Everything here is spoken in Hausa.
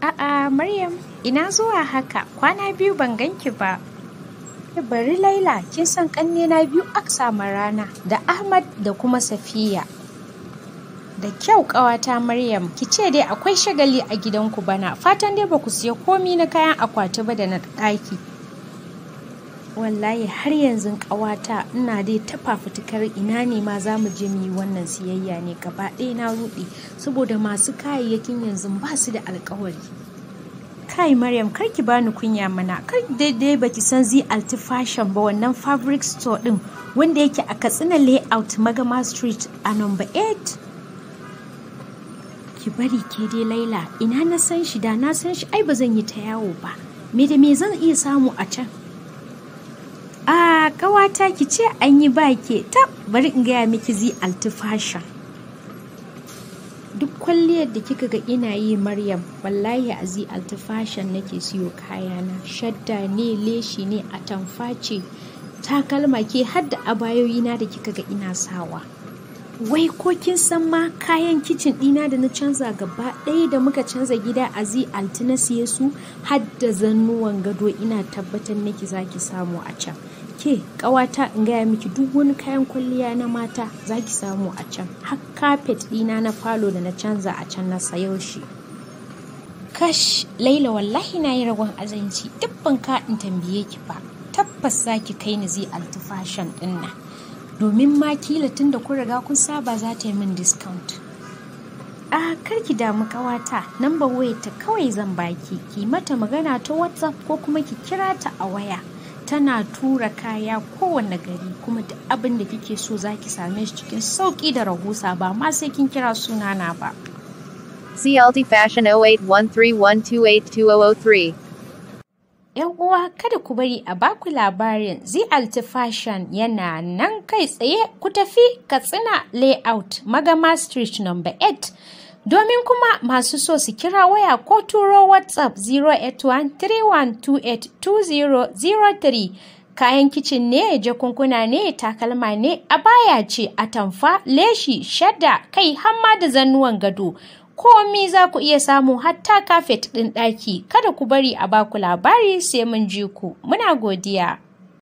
A'a Maryam, ina zuwa haka kwana biyu ban ganki ba. Eh, bari Laila kin san ƙanne na biyu Aksa rana, da Ahmad da kuma Safiya. Da kyau ƙawata Maryam, ki ce dai akwai shagali a gidanku bana, fatan dai ba ku siya komi na kayan akwati ba da na ɗaki. wallahi har yanzu ƙawata ina dai ta fafutukar ina ne ma za mu je mu yi wannan siyayya ne gaba ɗaya na ruɗe saboda masu kayayyakin yanzu ba su da alkawari kai maryam kar ki bani kunya mana kar daidai baki san zi alti fashion ba wannan fabric store din wanda yake a katsina layout magama street a number 8 ki bari ke dai laila ina na san shi da na san shi ai ba zan yi ta yawo ba me da me zan iya samu a can kawata ki ce an yi ba ke ta bari in gaya miki zi altifasha duk kwalliyar da kika ga ina yi maryam wallahi a zi altifashan nake siyo kayana shadda ne leshi ne a ce takalma ke hadda a bayoyina da kika ga ina sawa wai ko kin san ma kayan kicin dina da na canza gaba ɗaya da muka canza gida a zi alti na siye su zannuwan gado ina tabbatar nake zaki samu a can ke ƙawata in gaya miki duk wani kayan kwalliya na mata za ki samu a can har kafet ɗina na falo da na canza a can na sayo shi kash laila wallahi na yi ragon azanci dubban ka in tambaye ki ba tabbas za ki kai ni zai altifashan ɗin domin ma kila tun da kun riga kun saba za ta yi min discount a kar ki damu kawata namba wayarta kawai zan baki ki mata magana ta whatsapp ko kuma ki kira ta a waya tana tura kaya kowane gari kuma duk abin da kike so za ki same shi cikin sauƙi da rahusa ba ma sai kin kira sunana ba. CLT Fashion 0813128203 ‘Yan uwa kada ku bari a baku labarin ZLT Fashion yana nan kai tsaye ku tafi Katsina Layout Magama Street No. 8 Domin kuma masu so su kira waya ko turo WhatsApp 081-3128-2003 kayan kicin ne, jakunkuna ne, takalma ne, A baya ce, a tamfa, leshi, shadda, kai hamma da zannuwan gado. Komi za ku iya samu hatta kafet ɗin ɗaki, kada ku bari a baku labari sai mun ji ku. Muna godiya.